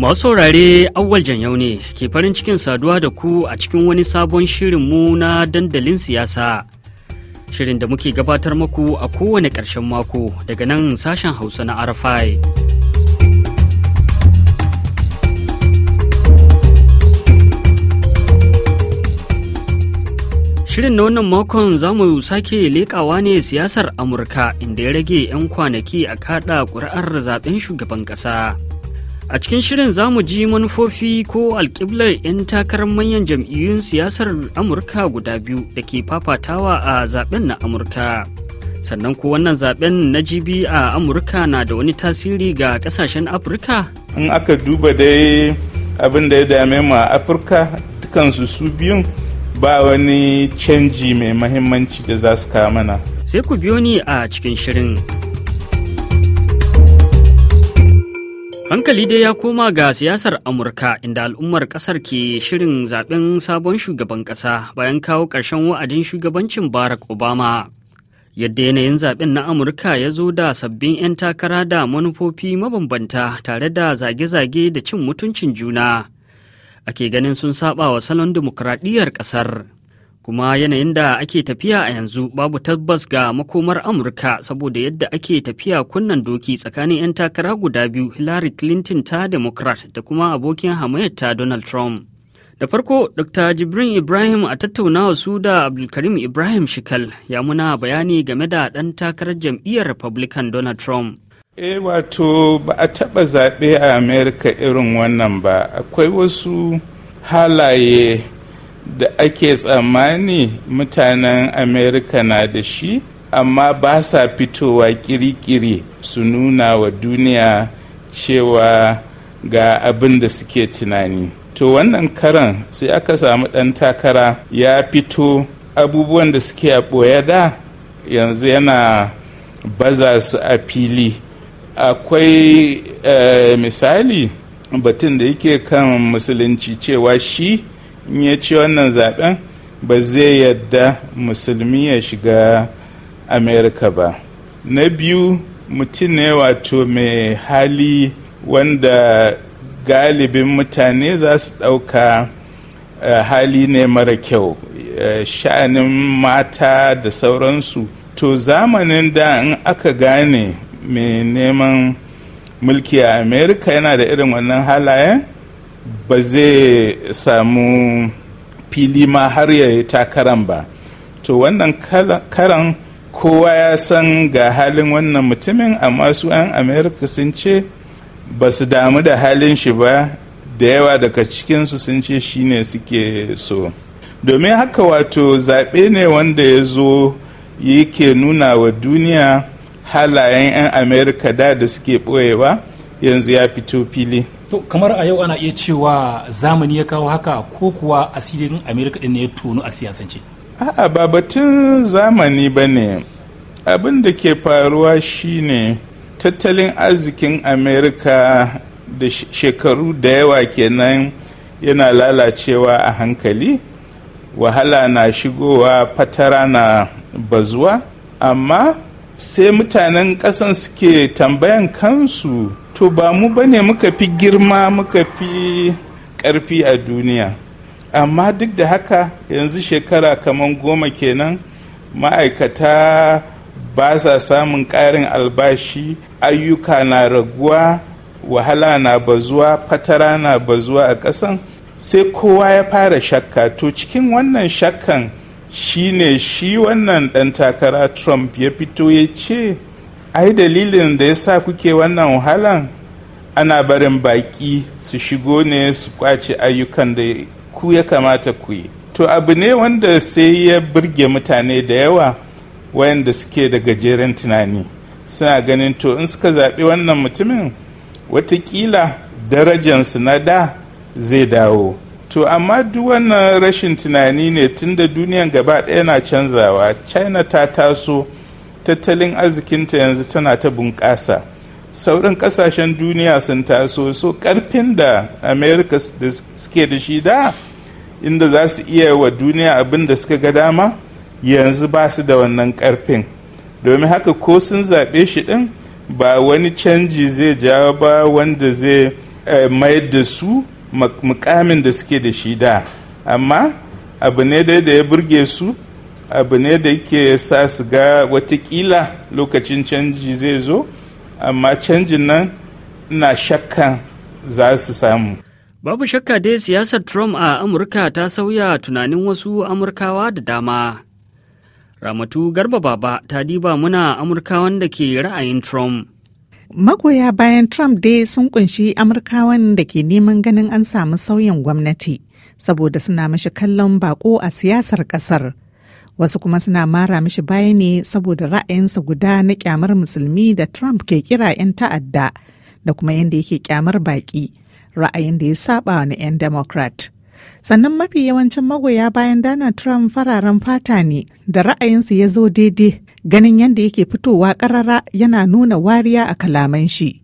Masu saurare awwal yau ne ke farin cikin saduwa da ku a cikin wani sabon shirin mu na dandalin siyasa. Shirin da muke gabatar maku a kowane ƙarshen mako daga nan sashen Hausa na Arafai. Shirin na wannan makon za mu sake leƙawa ne siyasar Amurka inda ya rage 'yan kwanaki a kaɗa ƙuri'ar zaɓen shugaban ƙasa. A cikin shirin za mu ji manufofi ko alƙiblar 'yan takarar manyan jam'iyyun siyasar Amurka guda biyu da ke fafatawa a zaben na Amurka. Sannan ko wannan zaben na jibi a Amurka na da wani tasiri ga ƙasashen Afirka? In aka duba dai abin da ya dame mu a Afirka dukansu su biyun ba wani canji mai mahimmanci da za su kawo mana. Sai ku biyo ni a cikin shirin. Hankali dai ya koma ga siyasar Amurka inda al'ummar kasar ke shirin zaben sabon shugaban kasa bayan kawo ƙarshen wa'adin shugabancin Barack Obama. Yadda yanayin zaben na Amurka ya zo da sabbin 'yan takara da manufofi mabambanta tare da zage-zage da cin mutuncin juna. Ake ganin sun saba wa salon dimokuraɗiyyar ƙasar. kuma yanayin da ake tafiya a yanzu babu tabbas ga makomar amurka saboda yadda ake tafiya kunnan doki tsakanin 'yan takara guda biyu hillary clinton ta democrat da kuma abokin hamayyar ta donald trump da farko dr jibrin ibrahim a tattaunawa su da abdulkarim ibrahim shikal ya muna bayani game da ɗan takarar jam'iyyar republican donald trump e wato ba a taɓa zaɓe a amerika irin wannan ba akwai wasu halaye da ake tsammani mutanen amerika na da shi amma ba sa fitowa kirikiri su nuna wa duniya cewa ga abin da suke tunani to wannan karan sai aka samu ɗan takara ya fito abubuwan da suke a ɓoye da yanzu yana baza su a fili akwai eh, misali batun da yake kan musulunci cewa shi in ya ci wannan zaben ba zai yadda musulmi ya shiga amerika ba na biyu mutum ne wato mai hali wanda galibin mutane za su ɗauka uh, hali ne mara kyau uh, sha'anin mata da sauransu to zamanin da in aka gane mai neman mulki a amerika yana da irin wannan halayen ba zai samu fili ma har ya yi takaran ba to wannan karan kowa ya san ga halin wannan mutumin amma su 'yan amerika sun ce ba su damu da halin shi ba da yawa daga cikinsu sun ce shine suke so domin haka wato zaɓe ne wanda ya zo yake nuna wa duniya halayen 'yan amerika da da suke ɓoyewa yanzu ya fito fili to kamar a yau ana iya cewa zamani ya kawo haka ko kuwa asirin amerika din ya tono a siyasance a'a ba batun zamani ba ne abin da ke faruwa shine tattalin arzikin amerika da shekaru da yawa kenan yana lalacewa a hankali wahala na shigowa fatara na bazuwa amma sai mutanen ƙasan suke tambayan kansu to ba mu ba ne muka fi girma muka fi ƙarfi a duniya amma duk da haka yanzu shekara kamar goma kenan ma'aikata ba sa samun ƙarin albashi ayyuka na raguwa wahala na bazuwa fatara na bazuwa a ƙasan sai kowa ya fara shakka to cikin wannan shakkan shine shi wannan ɗan takara trump ya fito ya ce ai dalilin da ya sa kuke wannan wahalan ana barin baki su shigo ne su kwace ayyukan da ku ya kamata ku yi to abu ne wanda sai ya burge mutane da yawa wayanda suke da gajeren tunani suna ganin to in suka zaɓi wannan mutumin watakila darajansu na da zai dawo to amma duk wannan rashin tunani ne tunda duniyan gaba ɗaya na canzawa china ta taso tattalin arzikinta yanzu tana ta bunƙasa sauran ƙasashen duniya sun taso so ƙarfin da america da suke da shi da inda za su iya wa duniya abin da suka ga dama yanzu ba su da wannan karfin domin haka ko sun zaɓe shi ɗin ba wani canji zai jawo ba wanda zai eh, mai da su mukamin da suke da shi da amma abu ne da ya burge su abu ne da yake sa su ga watakila lokacin canji zai zo amma canjin nan na shakkan za su samu babu shakka dai siyasar trump a amurka ta sauya tunanin wasu amurkawa da dama ramatu garba baba ta diba muna amurkawan da ke ra'ayin trump magoya bayan trump dai sun kunshi amurkawan da ke neman ganin an samu sauyin gwamnati saboda suna mashi kallon bako a siyasar kasar wasu kuma suna mara mishi baya ne saboda ra'ayinsa guda na kyamar musulmi da trump ke kira 'yan ta'adda da kuma yadda yake kyamar baki ra'ayin da ya saba na 'yan democrat sannan mafi yawancin magoya bayan donald trump fararen fata ne da ra'ayinsa ya zo daidai ganin yadda yake fitowa karara yana nuna wariya a kalaman shi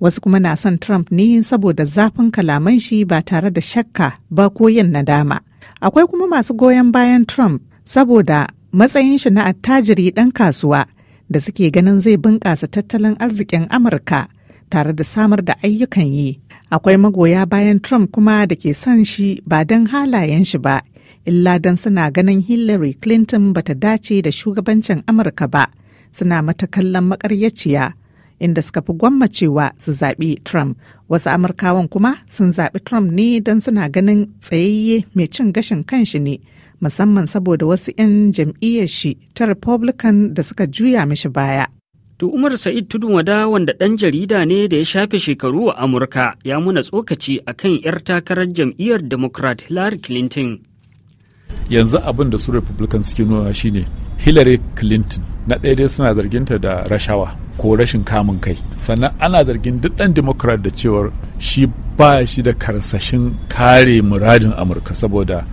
wasu kuma na son trump ne saboda zafin kalaman shi ba tare da shakka ba ko yin nadama akwai kuma masu goyon bayan trump saboda matsayin shi na attajiri ɗan kasuwa da suke ganin zai bunƙasa tattalin arzikin Amurka tare da samar da ayyukan yi. Akwai magoya bayan Trump kuma da ke son shi ba don halayen shi ba, illa don suna ganin Hillary Clinton ba ta dace da shugabancin Amurka ba, suna mata kallon makaryaciya. inda suka fi gwammacewa su zaɓi Trump. Wasu Amurkawan kuma sun zaɓi Trump ne don suna ganin tsayayye mai cin gashin kanshi ne musamman saboda wasu 'yan jam'iyyar shi ta Republican da suka juya mishi baya. To Umar Sa'id Tudun Wada wanda ɗan jarida ne da ya shafe shekaru a Amurka ya muna tsokaci a kan 'yar takarar jam'iyyar Democrat Hillary Clinton. Yanzu abin da su Republican suke nuna shine Hillary Clinton na ɗaya dai suna zarginta da rashawa ko rashin kamun kai. Sannan ana zargin duk ɗan Democrat da cewar shi ba shi da karsashin kare muradin Amurka saboda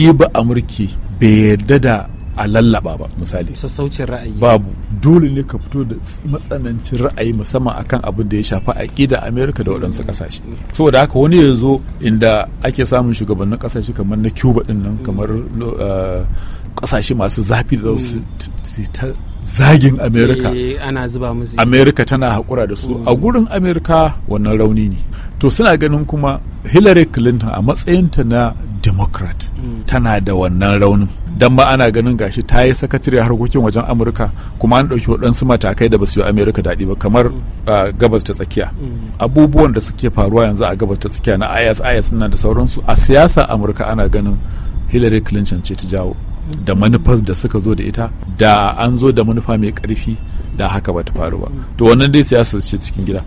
shi ba amurke bai yarda da a lallaba ba misali sassaucin ra'ayi babu dole ne ka fito da matsanancin ra'ayi musamman akan abin da ya shafi aƙida amerika da waɗansu ƙasashe saboda haka wani ya zo inda ake samun shugabannin ƙasashe kamar na cuba din nan kamar eh, ƙasashe masu zafi da mm. su ta zagin amerika eh, ana zuba musu amerika tana haƙura da su a mm. gurin amerika wannan rauni ne to suna ganin kuma hillary clinton a matsayinta na democrat mm. tana da wannan raunin don ba ana ganin gashi ta yi sakatare harkokin wajen amurka kuma an ɗauki waɗansu matakai da ba su yi amurka daɗi ba kamar uh, gabas ta tsakiya mm. abubuwan da suke faruwa yanzu a gabas ta tsakiya na isis is nan da sauransu a siyasa amurka ana ganin hillary clinton ce ta jawo mm. da manufar da suka zo da ita da an zo da manufa mai ƙarfi da haka ba ta faru ba to wannan dai siyasa ce cikin gida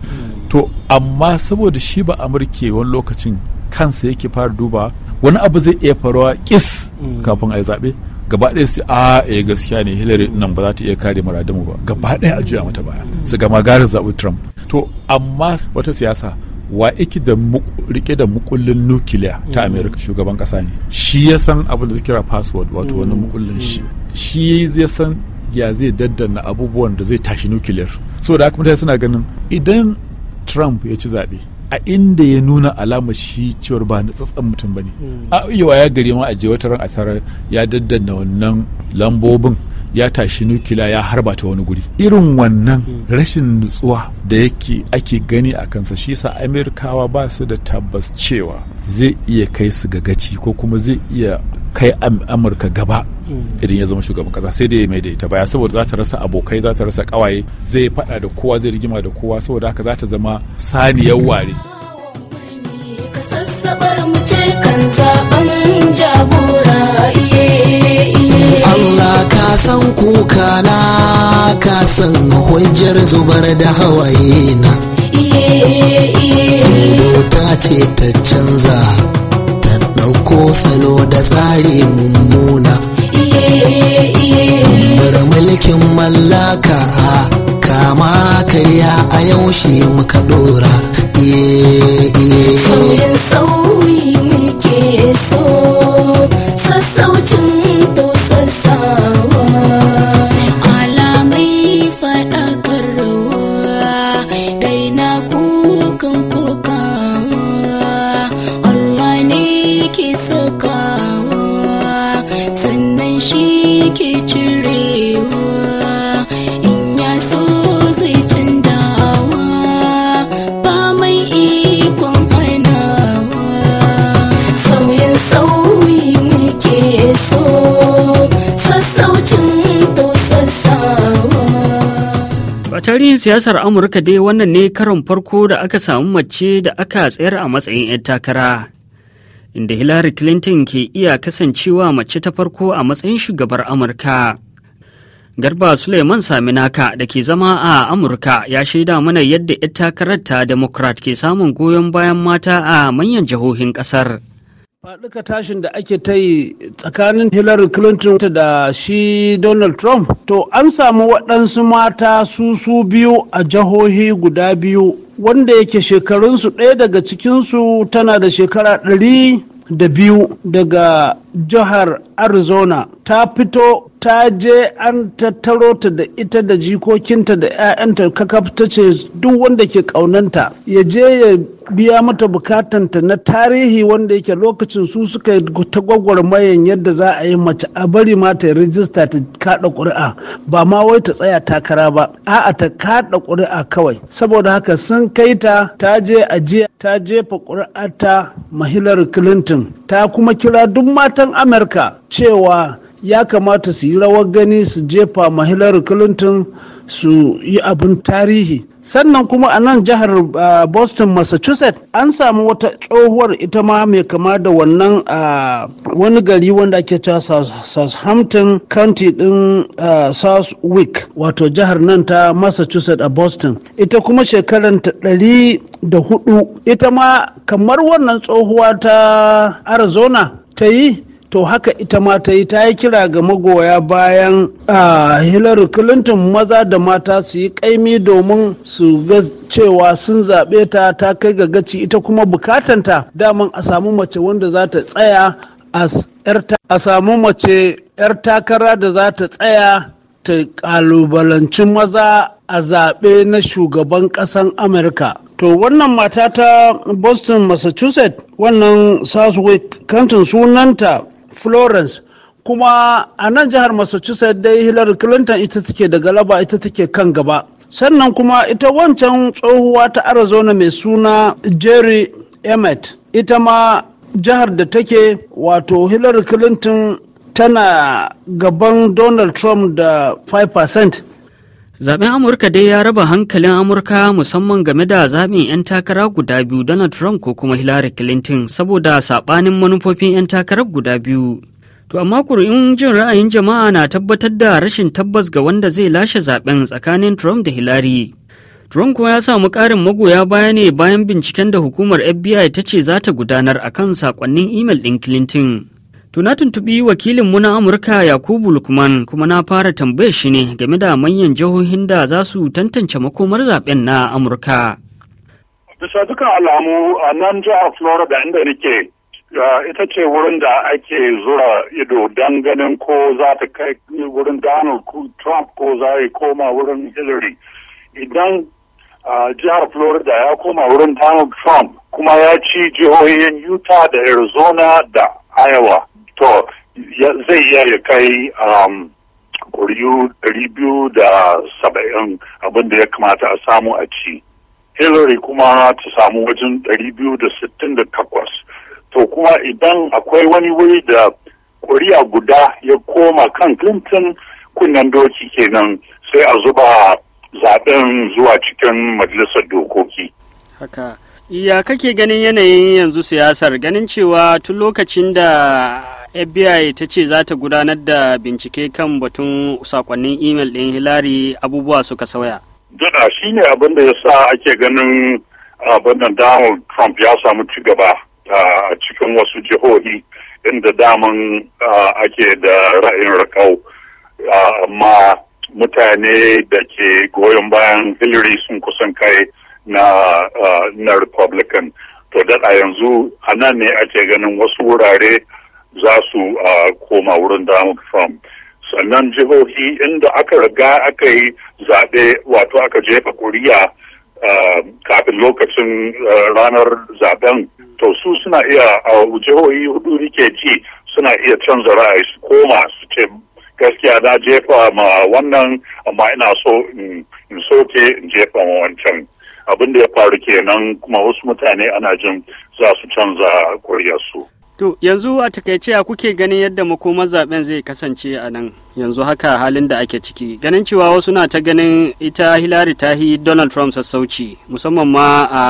to amma saboda shi ba amurke wani lokacin kansa yake fara duba wani abu zai iya faruwa kis mm. kafin a yi zaɓe gaba ɗaya su a ya gaskiya ne hillary nan ba za ta iya kare maradamu ba gaba ɗaya a juya mata baya su gama gari zaɓi trump to amma wata siyasa wa iki da rike da mukullin nukiliya ta mm. america shugaban kasa ne shi ya san abin da kira password wato wani mm. mukullin shi shi ya san ya zai daddana abubuwan da zai tashi nukiliyar so da haka mutane suna ganin idan trump ya ci zaɓe a inda ya nuna alama shi cewar ba natsatsen mutum ba ne hmm. a ya gari ma a je wata ran asarar ya daddana wannan lambobin ya tashi nukila ya harba ta wani guri irin wannan hmm. rashin nutsuwa da yake ake gani a kansa shi sa amerikawa ba su da tabbas cewa zai iya kai su ga ko kuma zai iya kai amurka gaba idan ya zama shugaban kasa sai da ya mai baya saboda za ta rasa abokai za ta rasa kawaye zai faɗa da kowa zai rigima da kowa saboda haka za ta zama saniyar ware Allah ka san kuka na ka san zubar da hawaye na ce ta canza salo da tsari mummuna bar mulkin mallaka a kama karya a yaushe muka ɗora eh, eh, eh. iye iye tarihin siyasar amurka dai wannan ne karon farko da aka samu mace da aka tsayar a matsayin 'yan takara inda hillary clinton ke iya kasancewa mace ta farko a matsayin shugabar amurka garba suleiman saminaka da ke zama a amurka ya shaida mana yadda 'yan takarar ta democrat ke samun goyon bayan mata a manyan jihohin kasar. faɗuka tashin da ake ta yi tsakanin hillary clinton da shi donald trump to an samu waɗansu mata su su biyu a jihohi guda biyu wanda yake shekarunsu ɗaya daga cikinsu tana da shekara ɗari da biyu daga jihar arizona ta fito ta je an tattaro ta da ita da jikokinta da 'ya'yanta kakaf ta ce duk wanda ke ƙaunanta ya je ya biya mata bukatanta na tarihi wanda yake lokacin su suka ta gwagwarmayan yadda za a yi mace a bari mata ya rijista ta kaɗa ƙuri'a ba ma wai ta tsaya takara ba a'a ta kaɗa ƙuri'a kawai saboda haka sun kai ta ta je ajiya ta jefa ƙuri'ata ta mahilar Clinton ta kuma kira duk matan Amurka cewa ya kamata su yi rawar gani su jefa ma Hillary Clinton su yi abin tarihi sannan kuma a nan jihar ah, boston massachusetts an samu wata tsohuwar ita ma mai kama da wannan a ah, wani gari wanda ake cewa southampton county ɗin uh, ah, southwick wato jihar nan ta massachusetts a boston ita kuma shekaran ta ɗari da hudu ita ma kamar wannan tsohuwa ta arizona ta yi to haka ita ma ta yi ta yi kira ga magoya bayan a hillary clinton maza da mata su yi kaimi domin su ga cewa sun zaɓe ta ta kai ga gaci ita kuma bukatanta daman a samu mace wanda za ta tsaya a samu mace 'yar takara da za ta tsaya ta kalubalanci maza a zaɓe na shugaban ƙasan amurka to wannan mata ta boston massachusetts wannan southwick kantin sunanta florence kuma a nan jihar massachusetts dai hillary clinton ita take da galaba ita take kan gaba sannan kuma ita wancan tsohuwa ta arizona mai suna jerry emmett ita ma jihar da take wato hillary clinton tana gaban donald trump da 5% Zaben Amurka dai ya raba hankalin Amurka musamman game da zaɓin 'yan takara guda biyu Donald Trump ko kuma Hillary Clinton saboda saɓanin manufofin 'yan takarar guda biyu. To amma kuri'un jin ra'ayin jama'a na tabbatar da rashin tabbas ga wanda zai lashe zaben tsakanin Trump da Hillary. Trump kuma ya samu ƙarin magoya baya ne bayan binciken da hukumar FBI ta ce za ta gudanar akan saƙonnin imel ɗin Clinton. To na tuntubi wakilin mu na Amurka Yakubu Lukman kuma na fara tambayar shi ne game da manyan jihohin da za su tantance makomar zaben na Amurka. Bisa dukan alamu a nan jihar Florida inda nake ita ce wurin da ake zura ido don ganin ko za ta kai wurin Donald Trump ko za ya koma wurin Hillary. Idan jihar Florida ya koma wurin Donald Trump kuma ya ci jihohin Utah da Arizona da Iowa. to zai iya ya kai um, ƙuri'u ɗari biyu da saba'in abin da ya kamata a samu a ci hillary kuma ta samu wajen dari biyu da sittin da takwas to kuma idan akwai wani wuri da ƙuri'a guda ya koma kan clinton kunnen doki kenan sai a zuba zaben zuwa cikin majalisar dokoki haka iya kake ganin yanayin yanzu siyasar ganin cewa tun lokacin da FBI ta ce za ta gudanar da bincike kan batun sakonnin imel ɗin Hillary abubuwa suka sauya. Duna shi ne abin da ya sa ake ganin abin da Donald Trump ya samu ci gaba a cikin wasu jihohi inda daman ake da ra'ayin rakau amma mutane da ke goyon bayan Hillary sun kusan kai na, Republican. To da yanzu a nan ne ake ganin wasu wurare za su koma wurin Donald Trump. Sannan jihohi inda aka riga aka yi zaɓe wato aka jefa kuri'a kafin lokacin ranar zaɓen to su suna iya a jihohi hudu rike ji suna iya canza ra'ayi su koma su ce gaskiya na jefa ma wannan amma ina so in soke in jefa ma wancan abin da ya faru kenan kuma wasu mutane ana jin za su canza kuriyarsu. To yanzu a takaice a kuke ganin yadda makomar zaben zai kasance a nan yanzu haka halin da ake ciki ganin cewa wasu na ta ganin ita Hillary ta yi Donald Trump sassauci musamman ma a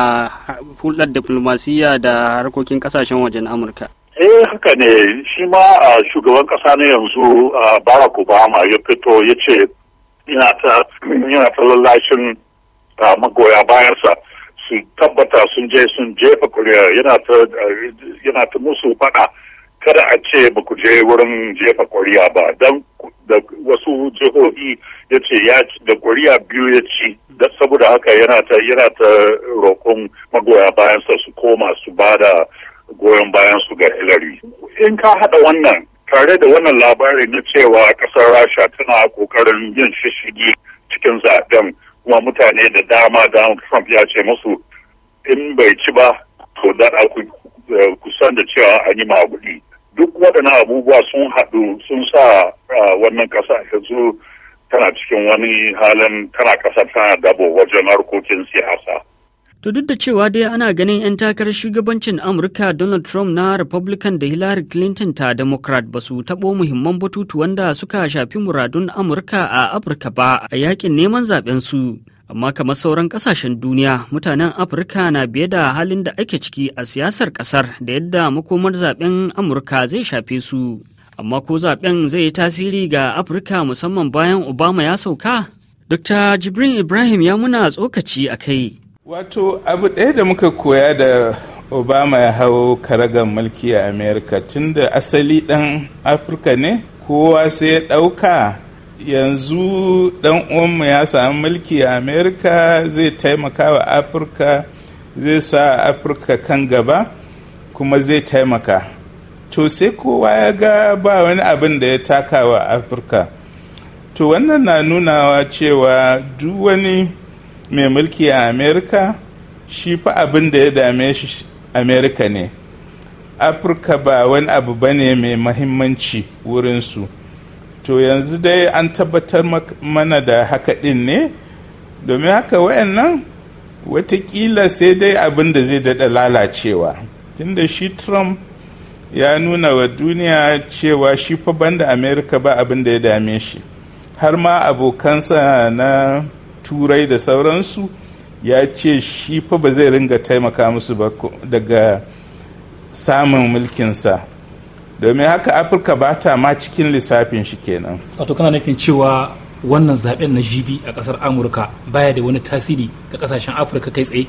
hulɗar diplomasiya da harkokin kasashen wajen Amurka. Eh haka ne shi ma a shugaban ƙasa na yanzu Barack Obama ya fito ya ce yana ta lallashin magoya bayansa. su tabbata sun je sun jefa kuri'a yana ta musu faɗa kada a ce ba ku je wurin jefa kuri'a ba don da wasu jihohi ya ce ya da kuri'a biyu ya ci da saboda haka yana ta yana roƙon magoya bayansa su koma su ba da goyon bayan su ga Hillary in ka haɗa wannan tare da wannan labari na cewa ƙasar Rasha tana kokarin yin shishigi cikin zaɓen kuma mutane da dama Donald Trump ya ce musu in bai ci ba to da kusan eh, da cewa an yi maguɗi duk waɗannan abubuwa sun haɗu sun sa wannan ƙasa yanzu tana cikin wani halin tana ƙasa tana dabo wajen harkokin siyasa. To duk da cewa dai ana ganin 'yan takarar shugabancin Amurka Donald Trump na Republican da Hillary Clinton ta Democrat ba su taɓo muhimman batutu wanda suka shafi muradun Amurka a Afirka ba a yakin neman zaben su. Amma kamar sauran kasashen duniya, mutanen Afirka na biye da halin da ake ciki a siyasar ƙasar da yadda makomar zaben Amurka zai shafe su. Amma ko zaben zai yi tasiri ga Afirka musamman bayan Obama ya sauka? Dr. Jibrin Ibrahim ya muna tsokaci a kai. wato abu ɗaya da muka koya da obama ya hau karagan mulki a america da asali ɗan afirka ne kowa sai ya ɗauka yanzu ɗan uwanmu ya samu mulki a america zai taimaka wa afirka zai sa afirka kan gaba kuma zai taimaka to sai kowa ya ga ba wani abin da ya taka wa afirka to wannan na nunawa cewa duk wani mai mulki a amerika shi fa abin da ya dame shi amerika ne afirka ba wani abu ba ne mai mahimmanci wurinsu to yanzu dai an tabbatar mana da haka ɗin ne domin haka wayannan watakila sai dai abin da zai daɗa lalacewa tunda shi trump ya nuna wa duniya cewa shi fa banda amerika ba abin da ya dame shi har ma abokansa na turai da sauransu ya ce shi fa ba zai ringa taimaka musu ba daga samun mulkinsa domin haka afirka ba ta ma cikin lissafin shi kenan wato kana nufin cewa wannan zaben na jibi a kasar amurka baya da wani tasiri ga kasashen afirka kai tsaye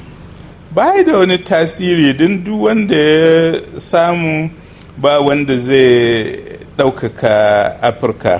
baya da wani tasiri din duk wanda ya samu ba wanda zai ɗaukaka afirka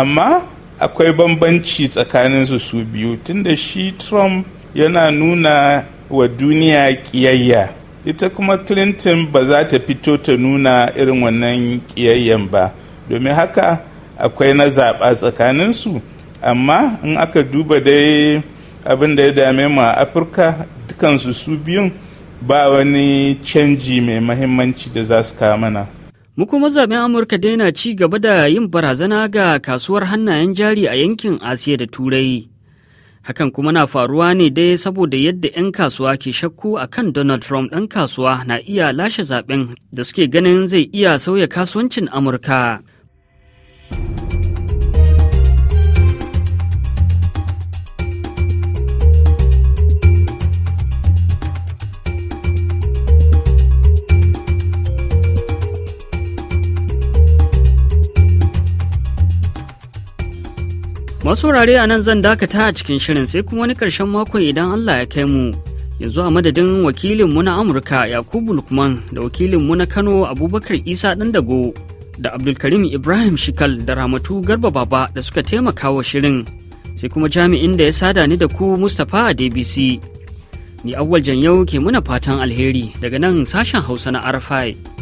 amma akwai bambanci tsakanin su su biyu tunda shi trump yana nuna wa duniya kiyayya ita kuma clinton ba za ta fito ta nuna irin wannan kiyayyan ba domin haka akwai na zaɓa tsakaninsu amma in aka duba dai abin da ya dame mu a afirka dukansu su biyun ba wani canji mai mahimmanci da za su kawo mana Mu kuma zaben Amurka daina ci gaba da yin barazana ga kasuwar hannayen jari a yankin Asiya da Turai. Hakan kuma na faruwa ne dai saboda yadda 'yan kasuwa ke shakku a kan Donald Trump ɗan kasuwa na iya lashe zaɓen da suke ganin zai iya sauya kasuwancin Amurka. Masu wurare a nan zan dakata a cikin shirin sai kuma wani karshen mako idan Allah ya kai mu. Yanzu a madadin wakilinmu na Amurka Yakubu Lukman da wakilinmu na Kano Abubakar Isa Dandago da Abdulkarim Ibrahim Shikal da Ramatu Garba Baba da suka taimaka wa shirin. Sai kuma jami'in da ya sada ni da ku Mustapha a DBC. Ni awwal yau ke muna fatan alheri daga nan sashen Hausa na Arafai.